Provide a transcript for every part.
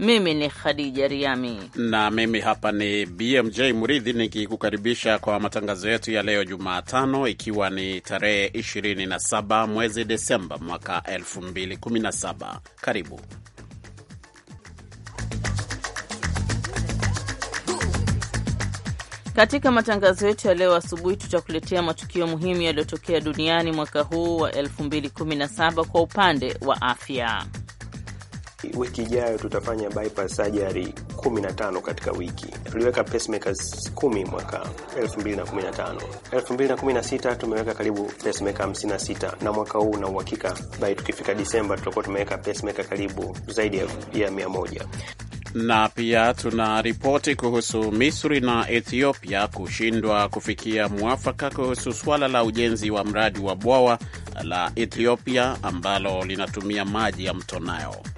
Mimi ni Khadija Riami na mimi hapa ni BMJ Muridhi nikikukaribisha kwa matangazo yetu ya leo Jumatano, ikiwa ni tarehe 27 mwezi Desemba mwaka 2017. Karibu Katika matangazo yetu ya leo asubuhi tutakuletea matukio muhimu yaliyotokea duniani mwaka huu wa 2017 kwa upande wa afya. Wiki ijayo tutafanya bypass surgery 15 katika wiki. Tuliweka pacemakers 10 mwaka 2015. 2016 tumeweka karibu pacemaker 56 na mwaka huu na uhakika bai, tukifika Disemba tutakuwa tumeweka pacemaker karibu zaidi ya 100 na pia tuna ripoti kuhusu Misri na Ethiopia kushindwa kufikia mwafaka kuhusu suala la ujenzi wa mradi wa bwawa la Ethiopia ambalo linatumia maji ya mto Nile.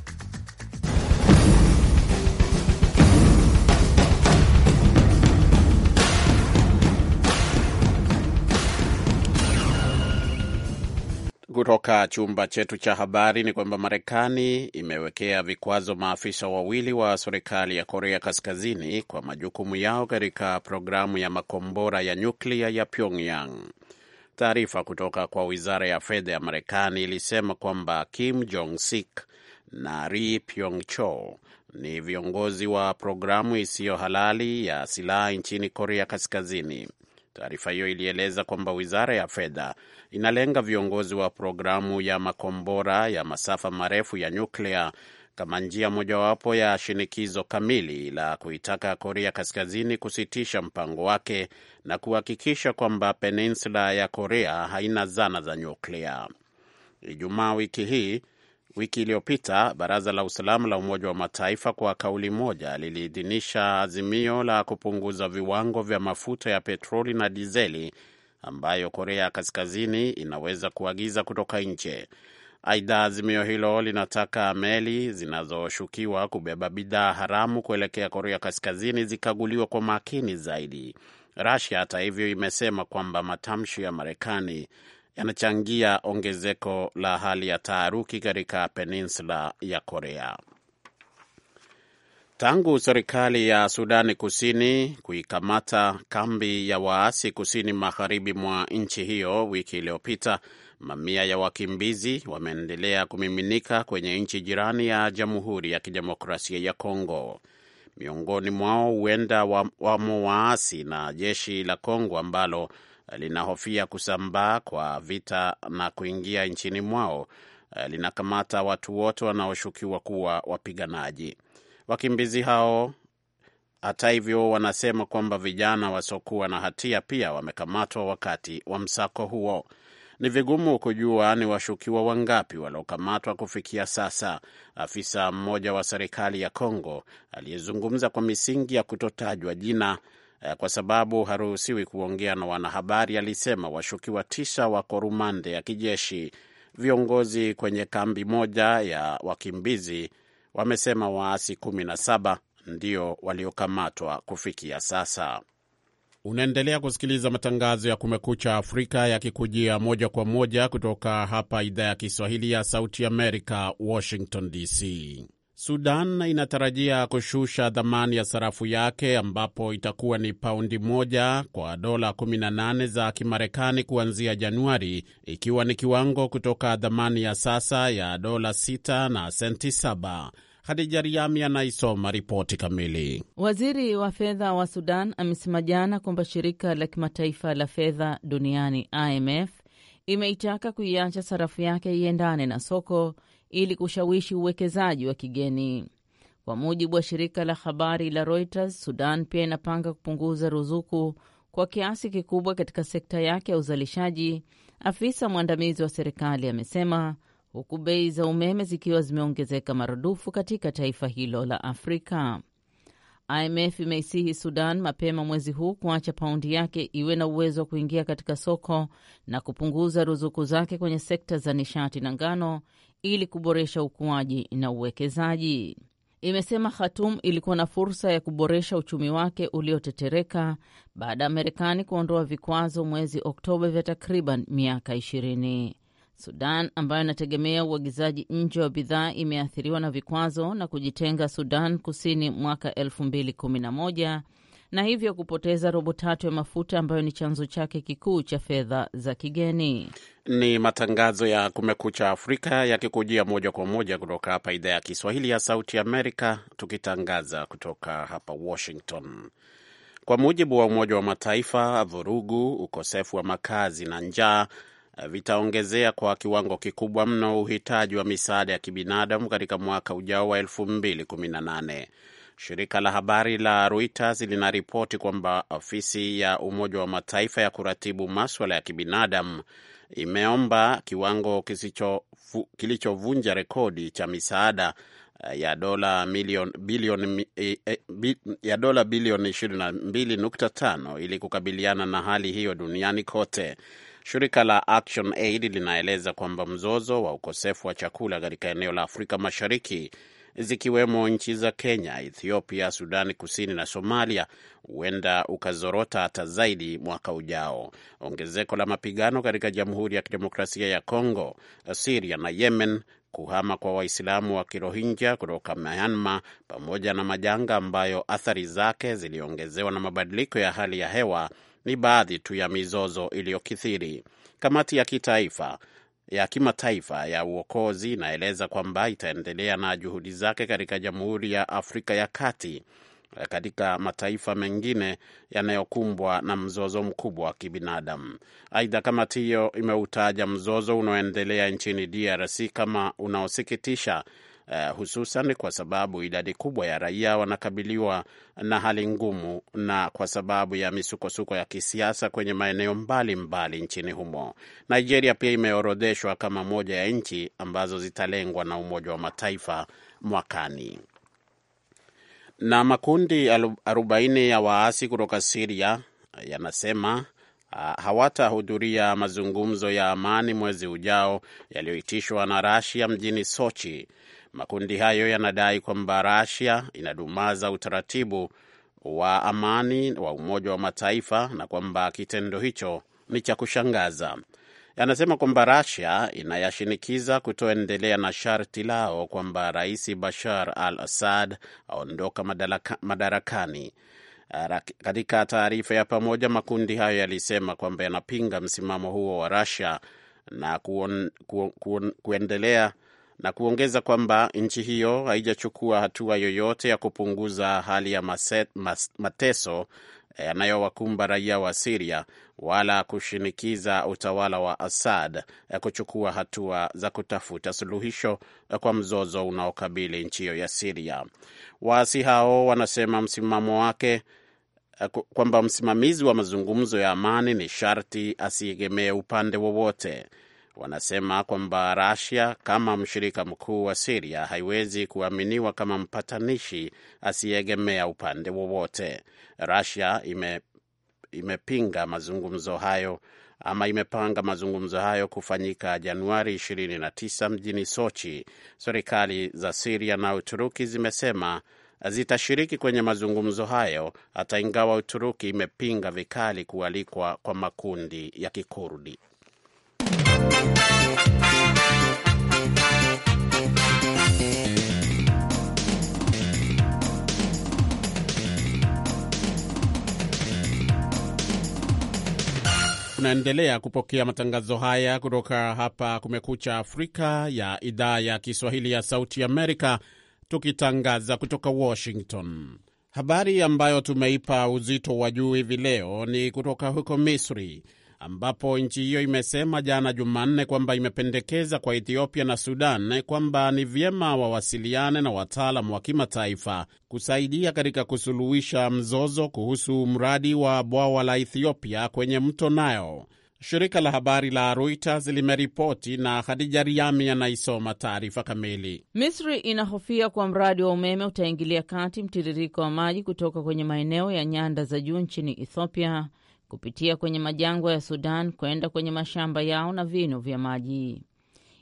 kutoka chumba chetu cha habari ni kwamba Marekani imewekea vikwazo maafisa wawili wa serikali ya Korea Kaskazini kwa majukumu yao katika programu ya makombora ya nyuklia ya Pyongyang. Taarifa kutoka kwa wizara ya fedha ya Marekani ilisema kwamba Kim Jong Sik na Ri Pyong Cho ni viongozi wa programu isiyo halali ya silaha nchini Korea Kaskazini. Taarifa hiyo ilieleza kwamba wizara ya fedha inalenga viongozi wa programu ya makombora ya masafa marefu ya nyuklia kama njia mojawapo ya shinikizo kamili la kuitaka Korea Kaskazini kusitisha mpango wake na kuhakikisha kwamba peninsula ya Korea haina zana za nyuklia. Ijumaa wiki hii Wiki iliyopita baraza la usalama la Umoja wa Mataifa kwa kauli moja liliidhinisha azimio la kupunguza viwango vya mafuta ya petroli na dizeli ambayo Korea Kaskazini inaweza kuagiza kutoka nje. Aidha, azimio hilo linataka meli zinazoshukiwa kubeba bidhaa haramu kuelekea Korea Kaskazini zikaguliwa kwa makini zaidi. rasia hata hivyo, imesema kwamba matamshi ya Marekani yanachangia ongezeko la hali ya taharuki katika peninsula ya Korea. Tangu serikali ya Sudani Kusini kuikamata kambi ya waasi kusini magharibi mwa nchi hiyo wiki iliyopita, mamia ya wakimbizi wameendelea kumiminika kwenye nchi jirani ya Jamhuri ya Kidemokrasia ya Kongo. Miongoni mwao huenda wamo waasi na jeshi la Kongo ambalo linahofia kusambaa kwa vita na kuingia nchini mwao, eh, linakamata watu wote wanaoshukiwa kuwa wapiganaji. Wakimbizi hao hata hivyo, wanasema kwamba vijana wasiokuwa na hatia pia wamekamatwa wakati wa msako huo. Ni vigumu kujua ni washukiwa wangapi waliokamatwa kufikia sasa. Afisa mmoja wa serikali ya Kongo aliyezungumza kwa misingi ya kutotajwa jina Eh, kwa sababu haruhusiwi kuongea na wanahabari, alisema washukiwa tisa wako rumande ya kijeshi. Viongozi kwenye kambi moja ya wakimbizi wamesema waasi kumi na saba ndio waliokamatwa kufikia sasa. Unaendelea kusikiliza matangazo ya Kumekucha Afrika yakikujia moja kwa moja kutoka hapa idhaa ya Kiswahili ya Sauti Amerika, Washington DC. Sudan inatarajia kushusha dhamani ya sarafu yake ambapo itakuwa ni paundi moja kwa dola 18 za Kimarekani kuanzia Januari, ikiwa ni kiwango kutoka dhamani ya sasa ya dola 6 na senti 7. Hadija Riami anaisoma ripoti kamili. Waziri wa fedha wa Sudan amesema jana kwamba shirika la kimataifa la fedha duniani IMF imeitaka kuiacha sarafu yake iendane na soko ili kushawishi uwekezaji wa kigeni. Kwa mujibu wa shirika la habari la Reuters, Sudan pia inapanga kupunguza ruzuku kwa kiasi kikubwa katika sekta yake ya uzalishaji, afisa mwandamizi wa serikali amesema, huku bei za umeme zikiwa zimeongezeka maradufu katika taifa hilo la Afrika. IMF imeisihi Sudan mapema mwezi huu kuacha paundi yake iwe na uwezo wa kuingia katika soko na kupunguza ruzuku zake kwenye sekta za nishati na ngano ili kuboresha ukuaji na uwekezaji. Imesema Khatum ilikuwa na fursa ya kuboresha uchumi wake uliotetereka baada ya Marekani kuondoa vikwazo mwezi Oktoba vya takriban miaka ishirini. Sudan ambayo inategemea uagizaji nje wa bidhaa imeathiriwa na vikwazo na kujitenga Sudan Kusini mwaka 2011 na hivyo kupoteza robo tatu ya mafuta ambayo ni chanzo chake kikuu cha fedha za kigeni. Ni matangazo ya Kumekucha Afrika yakikujia moja kwa moja kutoka hapa idhaa ya Kiswahili ya Sauti Amerika, tukitangaza kutoka hapa Washington. Kwa mujibu wa Umoja wa Mataifa, vurugu, ukosefu wa makazi na njaa eh, vitaongezea kwa kiwango kikubwa mno uhitaji wa misaada ya kibinadamu katika mwaka ujao wa Shirika la habari la Reuters linaripoti kwamba ofisi ya Umoja wa Mataifa ya kuratibu maswala ya kibinadamu imeomba kiwango kilichovunja rekodi cha misaada eh, eh, eh, ya dola bilioni 22.5 ili kukabiliana na hali hiyo duniani kote. Shirika la Action Aid linaeleza kwamba mzozo wa ukosefu wa chakula katika eneo la Afrika Mashariki zikiwemo nchi za Kenya, Ethiopia, Sudani Kusini na Somalia huenda ukazorota hata zaidi mwaka ujao. Ongezeko la mapigano katika Jamhuri ya Kidemokrasia ya Kongo, Siria na Yemen, kuhama kwa Waislamu wa Kirohingya kutoka Myanmar, pamoja na majanga ambayo athari zake ziliongezewa na mabadiliko ya hali ya hewa ni baadhi tu ya mizozo iliyokithiri. Kamati ya kitaifa ya Kimataifa ya Uokozi inaeleza kwamba itaendelea na juhudi zake katika Jamhuri ya Afrika ya Kati katika mataifa mengine yanayokumbwa na mzozo mkubwa wa kibinadamu. Aidha, kamati hiyo imeutaja mzozo unaoendelea nchini DRC kama unaosikitisha uh, hususan kwa sababu idadi kubwa ya raia wanakabiliwa na hali ngumu na kwa sababu ya misukosuko ya kisiasa kwenye maeneo mbalimbali mbali nchini humo. Nigeria pia imeorodheshwa kama moja ya nchi ambazo zitalengwa na Umoja wa Mataifa mwakani na makundi 40 ya waasi kutoka Siria eh, yanasema ah, hawatahudhuria mazungumzo ya amani mwezi ujao yaliyoitishwa na Rasia mjini Sochi Makundi hayo yanadai kwamba Russia inadumaza utaratibu wa amani wa Umoja wa Mataifa na kwamba kitendo hicho ni cha kushangaza. Yanasema kwamba Russia inayashinikiza kutoendelea na sharti lao kwamba Rais Bashar al-Assad aondoka madarakani. Katika taarifa ya pamoja, makundi hayo yalisema kwamba yanapinga msimamo huo wa Russia na kuon, ku, ku, kuendelea na kuongeza kwamba nchi hiyo haijachukua hatua yoyote ya kupunguza hali ya maset, mas, mateso eh, yanayowakumba raia wa Siria wala kushinikiza utawala wa Assad eh, kuchukua hatua za kutafuta suluhisho eh, kwa mzozo unaokabili nchi hiyo ya Siria. Waasi hao wanasema msimamo wake kwamba msimamizi wa mazungumzo ya amani ni sharti asiegemee upande wowote wanasema kwamba Rasia kama mshirika mkuu wa Siria haiwezi kuaminiwa kama mpatanishi asiyeegemea upande wowote. Rasia ime, imepinga mazungumzo hayo ama imepanga mazungumzo hayo kufanyika Januari 29 mjini Sochi. Serikali za Siria na Uturuki zimesema zitashiriki kwenye mazungumzo hayo hata ingawa Uturuki imepinga vikali kualikwa kwa makundi ya Kikurdi. Unaendelea kupokea matangazo haya kutoka hapa Kumekucha Afrika ya idhaa ya Kiswahili ya Sauti Amerika, tukitangaza kutoka Washington. Habari ambayo tumeipa uzito wa juu hivi leo ni kutoka huko Misri ambapo nchi hiyo imesema jana Jumanne kwamba imependekeza kwa Ethiopia na Sudan kwamba ni vyema wawasiliane na wataalam wa kimataifa kusaidia katika kusuluhisha mzozo kuhusu mradi wa bwawa la Ethiopia kwenye mto Nile. Shirika la habari la Reuters limeripoti na Khadija Riami anaisoma taarifa kamili. Misri inahofia kuwa mradi wa umeme utaingilia kati mtiririko wa maji kutoka kwenye maeneo ya nyanda za juu nchini Ethiopia kupitia kwenye majangwa ya Sudan kwenda kwenye mashamba yao na vinu vya maji.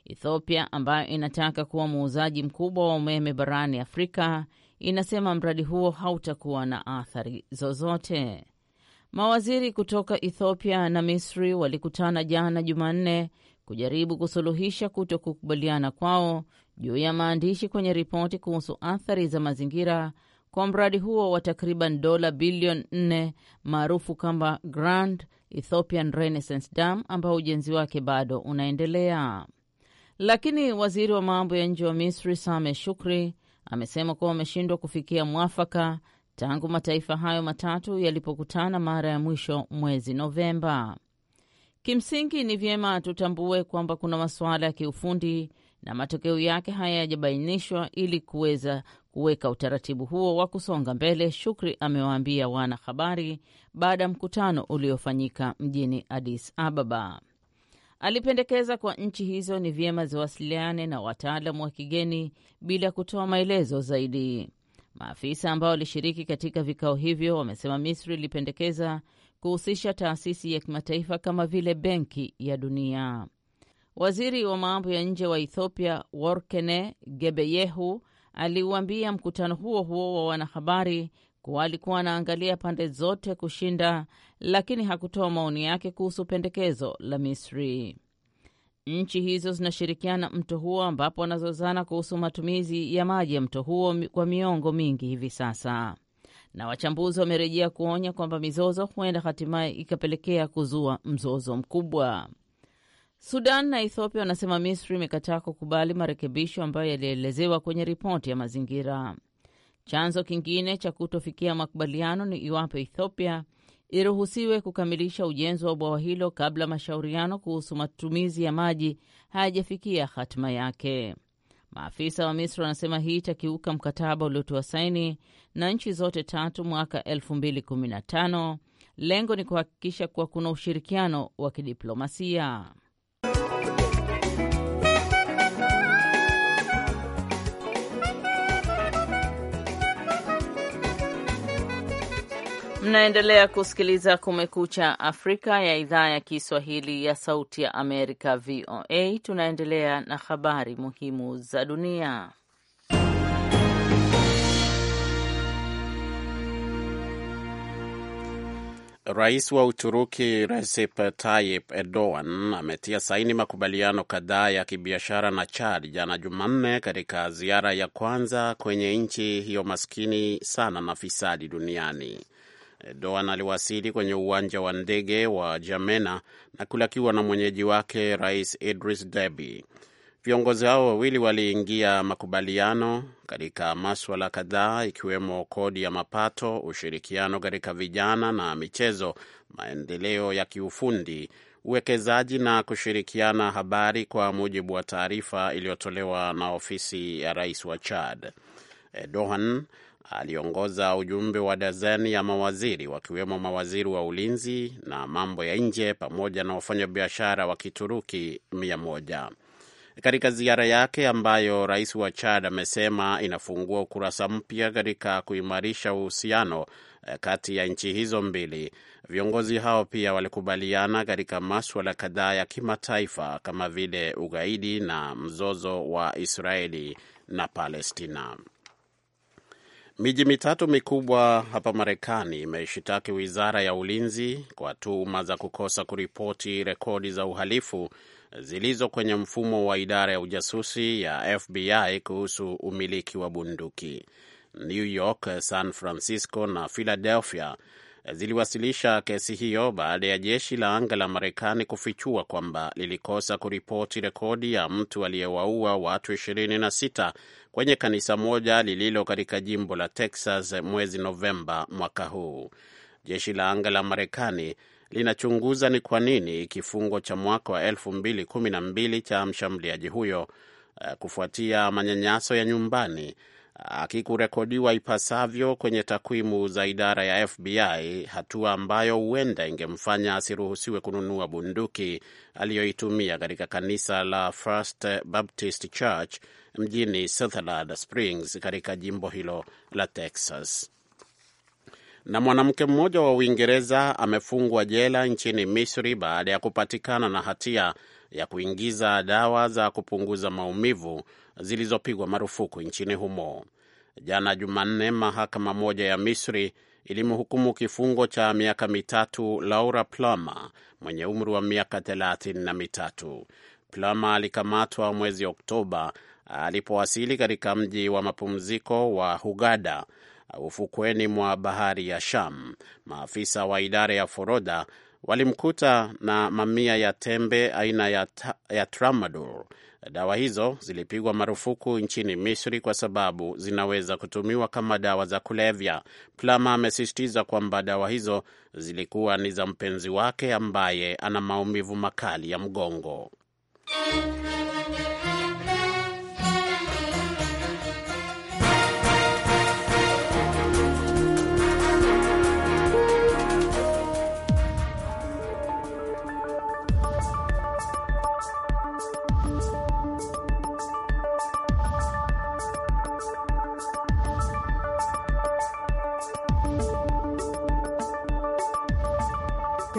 Ethiopia ambayo inataka kuwa muuzaji mkubwa wa umeme barani Afrika inasema mradi huo hautakuwa na athari zozote. Mawaziri kutoka Ethiopia na Misri walikutana jana Jumanne kujaribu kusuluhisha kuto kukubaliana kwao juu ya maandishi kwenye ripoti kuhusu athari za mazingira kwa mradi huo wa takriban dola bilioni 4 maarufu kama Grand Ethiopian Renaissance Dam ambao ujenzi wake bado unaendelea. Lakini waziri wa mambo ya nje wa Misri Sameh Shukri amesema kuwa wameshindwa kufikia mwafaka tangu mataifa hayo matatu yalipokutana mara ya mwisho mwezi Novemba. Kimsingi ni vyema tutambue kwamba kuna masuala ya kiufundi na matokeo yake hayajabainishwa ili kuweza kuweka utaratibu huo wa kusonga mbele, Shukri amewaambia wanahabari baada ya mkutano uliofanyika mjini Addis Ababa. Alipendekeza kwa nchi hizo ni vyema ziwasiliane na wataalamu wa kigeni bila kutoa maelezo zaidi. Maafisa ambao walishiriki katika vikao hivyo wamesema Misri ilipendekeza kuhusisha taasisi ya kimataifa kama vile Benki ya Dunia. Waziri wa mambo ya nje wa Ethiopia Workene Gebeyehu aliuambia mkutano huo huo wa wanahabari kuwa alikuwa anaangalia pande zote kushinda, lakini hakutoa maoni yake kuhusu pendekezo la Misri. Nchi hizo zinashirikiana mto huo ambapo wanazozana kuhusu matumizi ya maji ya mto huo kwa miongo mingi hivi sasa, na wachambuzi wamerejea kuonya kwamba mizozo huenda hatimaye ikapelekea kuzua mzozo mkubwa. Sudan na Ethiopia wanasema Misri imekataa kukubali marekebisho ambayo yalielezewa kwenye ripoti ya mazingira. Chanzo kingine cha kutofikia makubaliano ni iwapo Ethiopia iruhusiwe kukamilisha ujenzi wa bwawa hilo kabla mashauriano kuhusu matumizi ya maji hayajafikia hatima yake. Maafisa wa Misri wanasema hii itakiuka mkataba uliotiwa saini na nchi zote tatu mwaka 2015. Lengo ni kuhakikisha kuwa kuna ushirikiano wa kidiplomasia. Mnaendelea kusikiliza Kumekucha Afrika ya idhaa ya Kiswahili ya Sauti ya Amerika, VOA. Tunaendelea na habari muhimu za dunia. Rais wa Uturuki Recep Tayyip Erdogan ametia saini makubaliano kadhaa ya kibiashara na Chad jana Jumanne, katika ziara ya kwanza kwenye nchi hiyo maskini sana na fisadi duniani. Doan aliwasili kwenye uwanja wa ndege wa Jamena na kulakiwa na mwenyeji wake Rais Idris Deby. Viongozi hao wawili waliingia makubaliano katika maswala kadhaa ikiwemo kodi ya mapato, ushirikiano katika vijana na michezo, maendeleo ya kiufundi, uwekezaji na kushirikiana habari, kwa mujibu wa taarifa iliyotolewa na ofisi ya rais wa Chad. Dohan aliongoza ujumbe wa dazeni ya mawaziri wakiwemo mawaziri wa ulinzi na mambo ya nje pamoja na wafanyabiashara wa Kituruki mia moja katika ziara yake ambayo rais wa Chad amesema inafungua ukurasa mpya katika kuimarisha uhusiano eh, kati ya nchi hizo mbili. Viongozi hao pia walikubaliana katika maswala kadhaa ya kimataifa kama vile ugaidi na mzozo wa Israeli na Palestina. Miji mitatu mikubwa hapa Marekani imeshitaki wizara ya ulinzi kwa tuhuma za kukosa kuripoti rekodi za uhalifu zilizo kwenye mfumo wa idara ya ujasusi ya FBI kuhusu umiliki wa bunduki. New York, San Francisco na Philadelphia ziliwasilisha kesi hiyo baada ya jeshi la anga la Marekani kufichua kwamba lilikosa kuripoti rekodi ya mtu aliyewaua watu 26 kwenye kanisa moja lililo katika jimbo la Texas mwezi Novemba mwaka huu. Jeshi la anga la Marekani linachunguza ni kwa nini kifungo cha mwaka wa 2012 cha mshambuliaji huyo eh, kufuatia manyanyaso ya nyumbani akikurekodiwa ipasavyo kwenye takwimu za idara ya FBI, hatua ambayo huenda ingemfanya asiruhusiwe kununua bunduki aliyoitumia katika kanisa la First Baptist Church mjini Sutherland Springs katika jimbo hilo la Texas. Na mwanamke mmoja wa Uingereza amefungwa jela nchini Misri baada ya kupatikana na hatia ya kuingiza dawa za kupunguza maumivu zilizopigwa marufuku nchini humo. Jana Jumanne, mahakama moja ya Misri ilimhukumu kifungo cha miaka mitatu Laura Plama mwenye umri wa miaka thelathini na mitatu. Plama alikamatwa mwezi Oktoba alipowasili katika mji wa mapumziko wa hugada ufukweni mwa bahari ya Sham. Maafisa wa idara ya forodha walimkuta na mamia ya tembe aina ya, ta, ya tramadol. Dawa hizo zilipigwa marufuku nchini Misri kwa sababu zinaweza kutumiwa kama dawa za kulevya. Plama amesisitiza kwamba dawa hizo zilikuwa ni za mpenzi wake ambaye ana maumivu makali ya mgongo.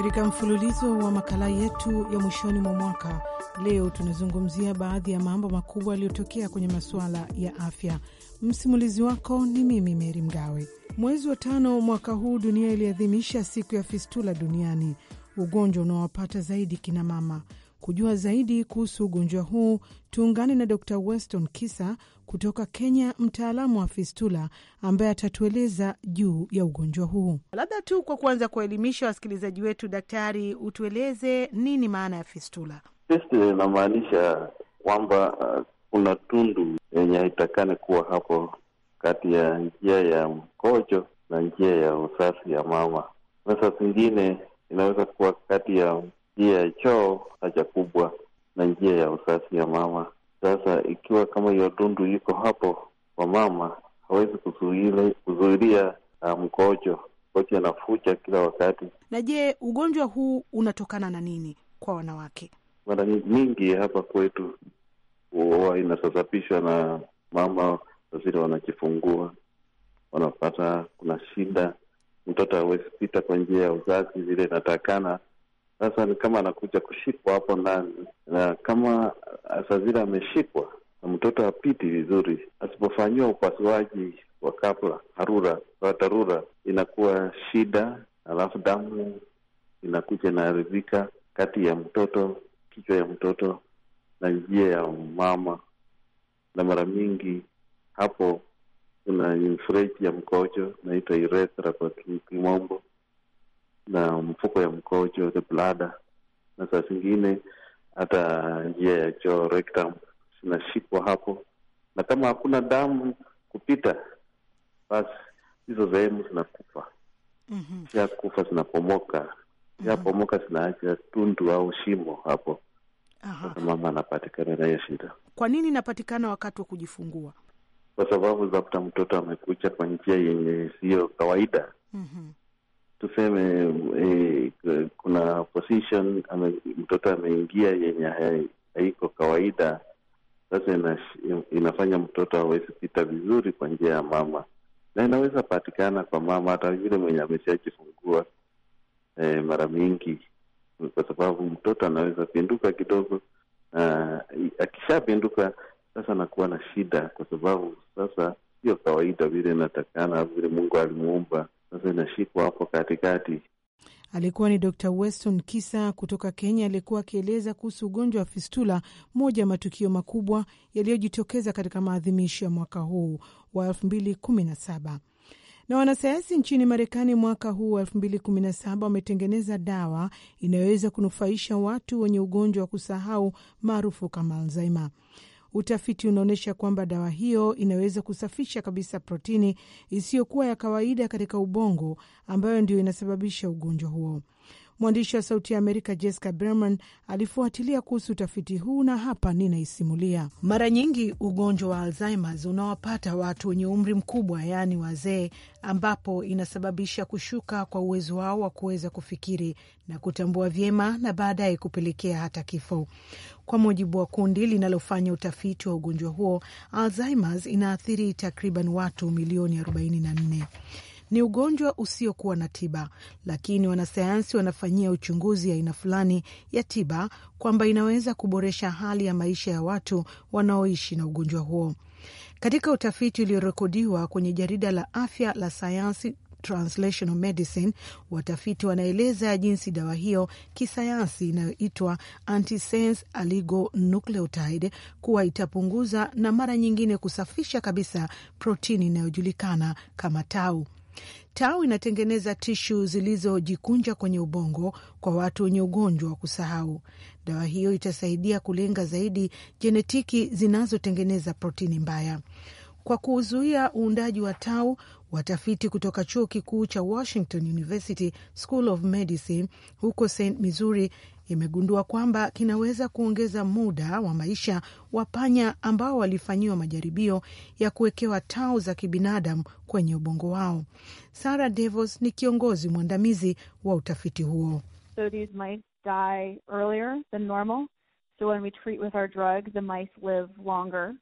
Katika mfululizo wa makala yetu ya mwishoni mwa mwaka, leo tunazungumzia baadhi ya mambo makubwa yaliyotokea kwenye masuala ya afya. Msimulizi wako ni mimi Meri Mgawe. Mwezi wa tano mwaka huu dunia iliadhimisha siku ya fistula duniani, ugonjwa unaowapata zaidi kinamama. Kujua zaidi kuhusu ugonjwa huu, tuungane na Dr Weston Kisa kutoka Kenya, mtaalamu wa fistula ambaye atatueleza juu ya ugonjwa huu. Labda tu kwa kuanza kuwaelimisha wasikilizaji wetu, daktari, utueleze nini maana ya fistula? Fistula inamaanisha kwamba uh, kuna tundu yenye haitakani kuwa hapo kati ya njia ya mkojo na njia ya uzazi ya mama na saa zingine inaweza kuwa kati ya njia ya choo, haja kubwa na njia ya uzazi ya mama. Sasa ikiwa kama hiyo tundu iko hapo kwa mama, hawezi kuzuilia uh, mkojo. Mkojo anafucha kila wakati. Na je, ugonjwa huu unatokana na nini kwa wanawake? Mara nyingi hapa kwetu huwa inasababishwa na mama wazile wanajifungua, wanapata kuna shida, mtoto hawezi pita kwa njia ya uzazi zile inatakana sasa ni kama anakuja kushikwa hapo ndani, na kama saa zile ameshikwa na mtoto apiti vizuri, asipofanyiwa upasuaji wa kabla harura wa dharura, inakuwa shida, alafu damu inakuja inaharibika kati ya mtoto, kichwa ya mtoto na njia ya mama, na mara mingi hapo kuna mfereji ya mkojo naitwa urethra kwa kimombo na mfuko ya mkojo, the bladder, na saa zingine hata njia ya choo, rectum, zinashikwa hapo, na kama hakuna damu kupita, basi hizo sehemu zinakufa. mm -hmm. ya kufa zinapomoka, yapomoka mhm. zinaacha tundu au shimo hapo. Aha. Mama anapatikana na hiyo shida. Kwa nini inapatikana wakati wa kujifungua? Kwa sababu labda mtoto amekuja kwa njia yenye siyo kawaida. mm -hmm tuseme e, kuna position ame, mtoto ameingia yenye haiko kawaida. Sasa ina, inafanya mtoto awezi pita vizuri kwa njia ya mama, na inaweza patikana kwa mama hata yule mwenye ameshajifungua e, eh, mara mingi, kwa sababu mtoto anaweza pinduka kidogo, na akishapinduka sasa anakuwa na shida, kwa sababu sasa sio kawaida vile inatakana vile Mungu alimuumba sasa inashikwa hapo katikati. Alikuwa ni Dr Weston Kisa kutoka Kenya, aliyekuwa akieleza kuhusu ugonjwa wa fistula, moja ya matukio makubwa yaliyojitokeza katika maadhimisho ya mwaka huu wa 2017 na wanasayansi nchini Marekani mwaka huu wa 2017 wametengeneza dawa inayoweza kunufaisha watu wenye ugonjwa wa kusahau maarufu kama Alzheimer. Utafiti unaonyesha kwamba dawa hiyo inaweza kusafisha kabisa protini isiyokuwa ya kawaida katika ubongo ambayo ndio inasababisha ugonjwa huo. Mwandishi wa Sauti ya Amerika Jessica Berman alifuatilia kuhusu utafiti huu na hapa ninaisimulia. Mara nyingi ugonjwa wa Alzheimers unawapata watu wenye umri mkubwa, yaani wazee, ambapo inasababisha kushuka kwa uwezo wao wa kuweza kufikiri na kutambua vyema na baadaye kupelekea hata kifo. Kwa mujibu wa kundi linalofanya utafiti wa ugonjwa huo, Alzheimers inaathiri takriban watu milioni 44 ni ugonjwa usiokuwa na tiba, lakini wanasayansi wanafanyia uchunguzi aina fulani ya tiba kwamba inaweza kuboresha hali ya maisha ya watu wanaoishi na ugonjwa huo. Katika utafiti uliorekodiwa kwenye jarida la afya la Sayansi Translational Medicine, watafiti wanaeleza jinsi dawa hiyo kisayansi inayoitwa antisense oligonucleotide kuwa itapunguza na mara nyingine kusafisha kabisa protini inayojulikana kama tau. Tau inatengeneza tishu zilizojikunja kwenye ubongo kwa watu wenye ugonjwa wa kusahau. Dawa hiyo itasaidia kulenga zaidi jenetiki zinazotengeneza protini mbaya. Kwa kuzuia uundaji wa tau, watafiti kutoka chuo kikuu cha Washington University School of Medicine huko St Missouri imegundua kwamba kinaweza kuongeza muda wa maisha wa panya ambao walifanyiwa majaribio ya kuwekewa tau za kibinadamu kwenye ubongo wao. Sarah Devos ni kiongozi mwandamizi wa utafiti huo. So these mice die earlier than normal. So when we treat with our drug, the mice live longer.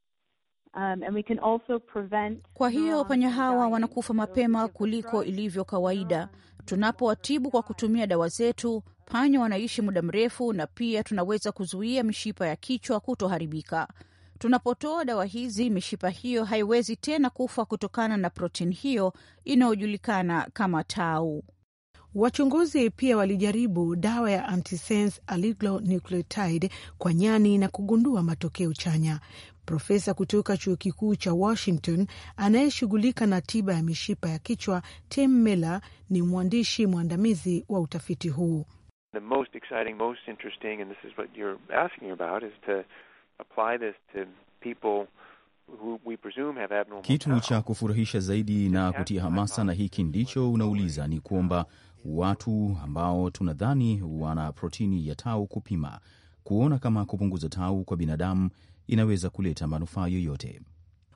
Um, and we can also prevent... Kwa hiyo panya hawa wanakufa mapema kuliko ilivyo kawaida. Tunapowatibu kwa kutumia dawa zetu, panya wanaishi muda mrefu, na pia tunaweza kuzuia mishipa ya kichwa kutoharibika. Tunapotoa dawa hizi, mishipa hiyo haiwezi tena kufa kutokana na protini hiyo inayojulikana kama tau. Wachunguzi pia walijaribu dawa ya antisense oligonucleotide kwa nyani na kugundua matokeo chanya profesa kutoka chuo kikuu cha Washington anayeshughulika na tiba ya mishipa ya kichwa, Tim Miller, ni mwandishi mwandamizi wa utafiti huu. The most exciting, most interesting, and this is what you're asking about, is to apply this to people who we presume have abnormal. Kitu cha kufurahisha zaidi na kutia hamasa, na hiki ndicho unauliza, ni kwamba watu ambao tunadhani wana protini ya tau kupima kuona kama kupunguza tau kwa binadamu inaweza kuleta manufaa yoyote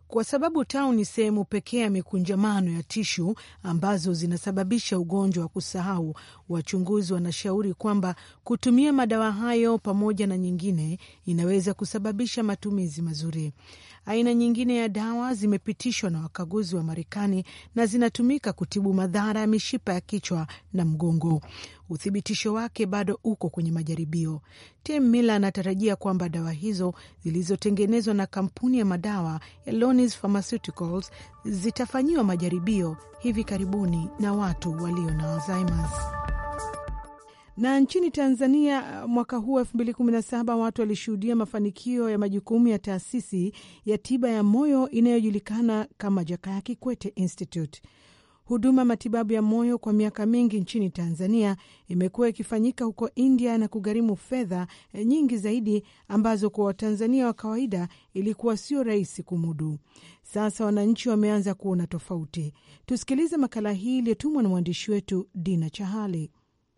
kwa sababu tau ni sehemu pekee ya mikunjamano ya tishu ambazo zinasababisha ugonjwa wa kusahau. Wachunguzi wanashauri kwamba kutumia madawa hayo pamoja na nyingine inaweza kusababisha matumizi mazuri. Aina nyingine ya dawa zimepitishwa na wakaguzi wa Marekani na zinatumika kutibu madhara ya mishipa ya kichwa na mgongo. Uthibitisho wake bado uko kwenye majaribio. Tim Miller anatarajia kwamba dawa hizo zilizotengenezwa na kampuni ya madawa ya Lonis Pharmaceuticals zitafanyiwa majaribio hivi karibuni na watu walio na Alzheimer's. Na nchini Tanzania uh, mwaka huu elfu mbili kumi na saba watu walishuhudia mafanikio ya majukumu ya taasisi ya tiba ya moyo inayojulikana kama Jakaya Kikwete Institute. Huduma matibabu ya moyo kwa miaka mingi nchini Tanzania imekuwa ikifanyika huko India na kugharimu fedha eh, nyingi zaidi ambazo kwa Watanzania wa kawaida ilikuwa sio rahisi kumudu. Sasa wananchi wameanza kuona tofauti. Tusikilize makala hii iliyotumwa na mwandishi wetu Dina Chahali.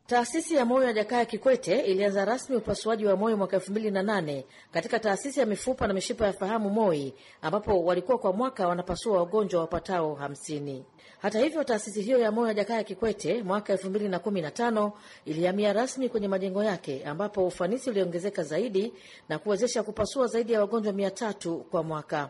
Taasisi ya moyo ya Jakaya Kikwete ilianza rasmi upasuaji wa moyo mwaka elfu mbili na nane katika taasisi ya mifupa na mishipa ya fahamu MOI, ambapo walikuwa kwa mwaka wanapasua wagonjwa wapatao hamsini. Hata hivyo, taasisi hiyo ya moyo ya Jakaya Kikwete mwaka elfu mbili na kumi na tano ilihamia rasmi kwenye majengo yake, ambapo ufanisi uliongezeka zaidi na kuwezesha kupasua zaidi ya wagonjwa mia tatu kwa mwaka.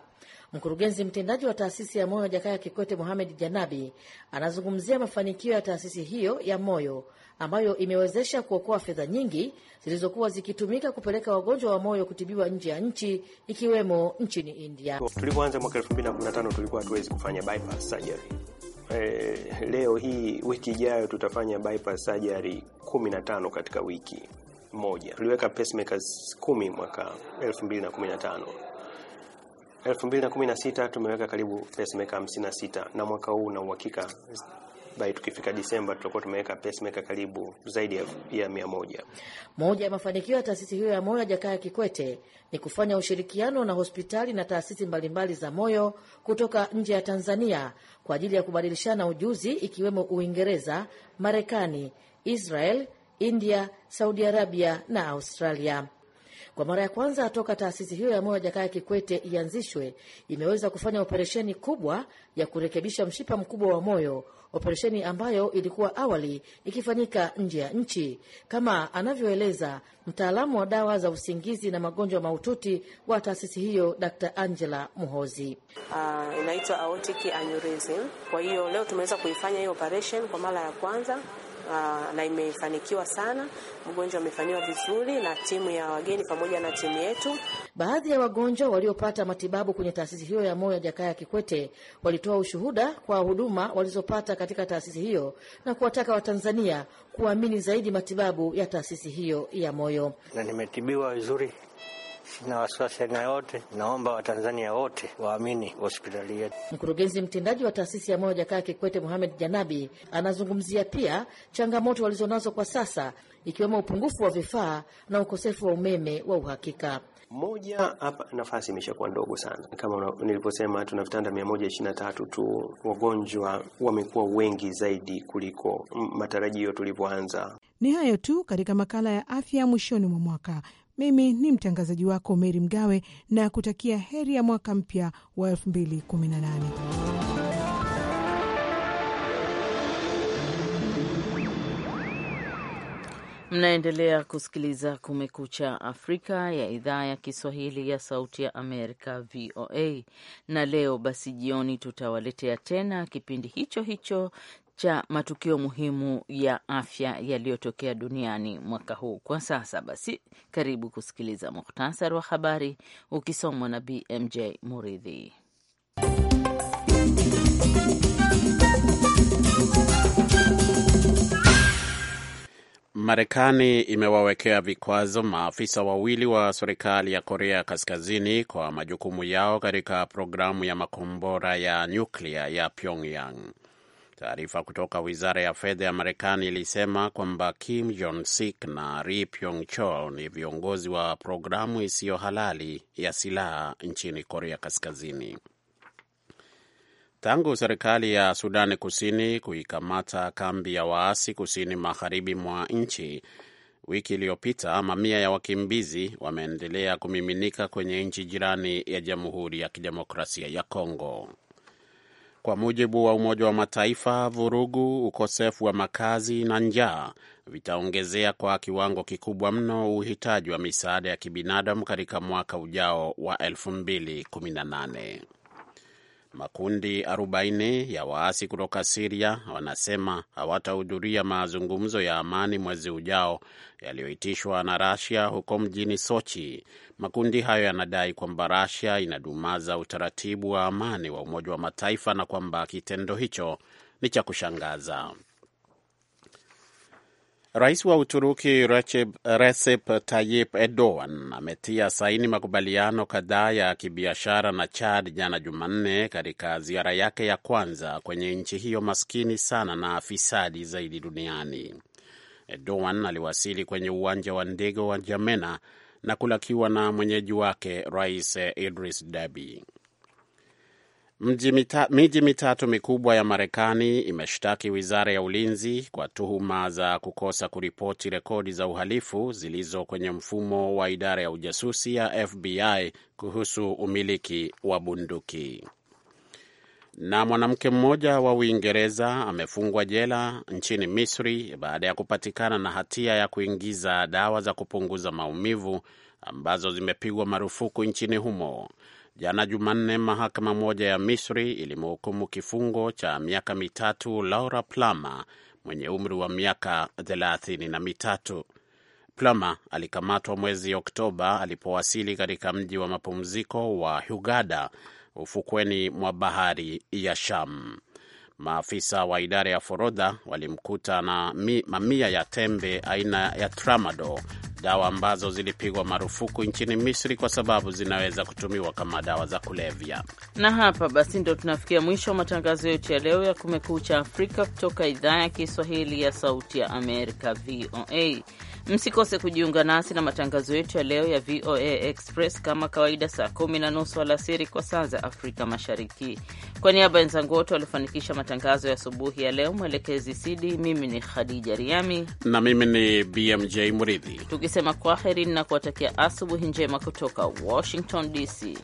Mkurugenzi mtendaji wa taasisi ya moyo ya Jakaya Kikwete Mohamed Janabi anazungumzia mafanikio ya taasisi hiyo ya moyo ambayo imewezesha kuokoa fedha nyingi zilizokuwa zikitumika kupeleka wagonjwa wa moyo kutibiwa nje ya nchi ikiwemo nchini India. Tulipoanza mwaka elfu na na kumi tano tulikuwa hatuwezi kufanya bypass surgery. Eh, leo hii wiki ijayo tutafanya bypass surgery tano katika wiki moja. Tuliweka pacemakers kumi mwaka elfu mbili na na kumi 2015. 2016 tumeweka karibu pacemaker 56 na mwaka huu na uhakika by tukifika Disemba tutakuwa tumeweka pacemaker karibu zaidi ya mia moja. Moja ya mafanikio ya taasisi hiyo ya moyo ya Jakaya Kikwete ni kufanya ushirikiano na hospitali na taasisi mbalimbali za moyo kutoka nje ya Tanzania kwa ajili ya kubadilishana ujuzi ikiwemo Uingereza, Marekani, Israel, India, Saudi Arabia na Australia. Kwa mara ya kwanza toka taasisi hiyo ya moyo Jakaya Kikwete ianzishwe, imeweza kufanya operesheni kubwa ya kurekebisha mshipa mkubwa wa moyo operesheni ambayo ilikuwa awali ikifanyika nje ya nchi, kama anavyoeleza mtaalamu wa dawa za usingizi na magonjwa mahututi wa taasisi hiyo, Dr Angela Muhozi. Uh, inaitwa aortic aneurysm. Kwa hiyo leo tumeweza kuifanya hiyo operation kwa mara ya kwanza. Uh, na imefanikiwa sana. Mgonjwa amefanyiwa vizuri na timu ya wageni pamoja na timu yetu. Baadhi ya wagonjwa waliopata matibabu kwenye taasisi hiyo ya moyo ya Jakaya Kikwete walitoa ushuhuda kwa huduma walizopata katika taasisi hiyo na kuwataka Watanzania kuamini zaidi matibabu ya taasisi hiyo ya moyo. Na nimetibiwa vizuri, sina wasiwasi aina yote. Naomba Watanzania wote waamini hospitali yetu. Mkurugenzi mtendaji wa taasisi ya moyo Jakaya Kikwete, muhamed Janabi, anazungumzia pia changamoto walizonazo kwa sasa, ikiwemo upungufu wa vifaa na ukosefu wa umeme wa uhakika moja hapa nafasi imeshakuwa ndogo sana. Kama nilivyosema, tuna vitanda mia moja ishirini na tatu tu. Wagonjwa wamekuwa wengi zaidi kuliko matarajio tulivyoanza. Ni hayo tu katika makala ya afya mwishoni mwa mwaka. Mimi ni mtangazaji wako Meri Mgawe na kutakia heri ya mwaka mpya wa 218 Mnaendelea kusikiliza Kumekucha Afrika ya idhaa ya Kiswahili ya Sauti ya Amerika, VOA. Na leo basi jioni tutawaletea tena kipindi hicho hicho cha matukio muhimu ya afya yaliyotokea duniani mwaka huu. Kwa sasa basi, karibu kusikiliza muhtasari wa habari ukisomwa na BMJ Muridhi. Marekani imewawekea vikwazo maafisa wawili wa serikali ya Korea Kaskazini kwa majukumu yao katika programu ya makombora ya nyuklia ya Pyongyang. Taarifa kutoka wizara ya fedha ya Marekani ilisema kwamba Kim Jong Sik na Ri Pyong Chol ni viongozi wa programu isiyo halali ya silaha nchini Korea Kaskazini. Tangu serikali ya Sudani Kusini kuikamata kambi ya waasi kusini magharibi mwa nchi wiki iliyopita, mamia ya wakimbizi wameendelea kumiminika kwenye nchi jirani ya Jamhuri ya Kidemokrasia ya Kongo. Kwa mujibu wa Umoja wa Mataifa, vurugu, ukosefu wa makazi na njaa vitaongezea kwa kiwango kikubwa mno uhitaji wa misaada ya kibinadamu katika mwaka ujao wa 2018. Makundi 40 ya waasi kutoka Siria wanasema hawatahudhuria mazungumzo ya amani mwezi ujao yaliyoitishwa na Rasia huko mjini Sochi. Makundi hayo yanadai kwamba Rasia inadumaza utaratibu wa amani wa Umoja wa Mataifa na kwamba kitendo hicho ni cha kushangaza. Rais wa Uturuki Recep Tayyip Erdogan ametia saini makubaliano kadhaa ya kibiashara na Chad jana Jumanne, katika ziara yake ya kwanza kwenye nchi hiyo maskini sana na fisadi zaidi duniani. Erdogan aliwasili kwenye uwanja wa ndege wa Jamena na kulakiwa na mwenyeji wake Rais Idris Deby. Miji mitatu mikubwa ya Marekani imeshtaki wizara ya ulinzi kwa tuhuma za kukosa kuripoti rekodi za uhalifu zilizo kwenye mfumo wa idara ya ujasusi ya FBI kuhusu umiliki wa bunduki. Na mwanamke mmoja wa Uingereza amefungwa jela nchini Misri baada ya kupatikana na hatia ya kuingiza dawa za kupunguza maumivu ambazo zimepigwa marufuku nchini humo. Jana Jumanne, mahakama moja ya Misri ilimhukumu kifungo cha miaka mitatu Laura Plama mwenye umri wa miaka thelathini na mitatu. Plama alikamatwa mwezi Oktoba alipowasili katika mji wa mapumziko wa hugada ufukweni mwa bahari ya Sham. Maafisa wa idara ya forodha walimkuta na mamia ya tembe aina ya tramadol, dawa ambazo zilipigwa marufuku nchini Misri kwa sababu zinaweza kutumiwa kama dawa za kulevya. Na hapa basi ndo tunafikia mwisho wa matangazo yetu ya leo ya Kumekucha Afrika kutoka idhaa ya Kiswahili ya Sauti ya Amerika, VOA. Msikose kujiunga nasi na matangazo yetu ya leo ya VOA Express kama kawaida, saa kumi na nusu alasiri kwa saa za Afrika Mashariki. Kwa niaba ya wenzangu wote waliofanikisha matangazo ya asubuhi ya leo, mwelekezi Sidi, mimi ni Khadija Riami na mimi ni BMJ Muridhi, tukisema kwaheri na kuwatakia asubuhi njema kutoka Washington DC.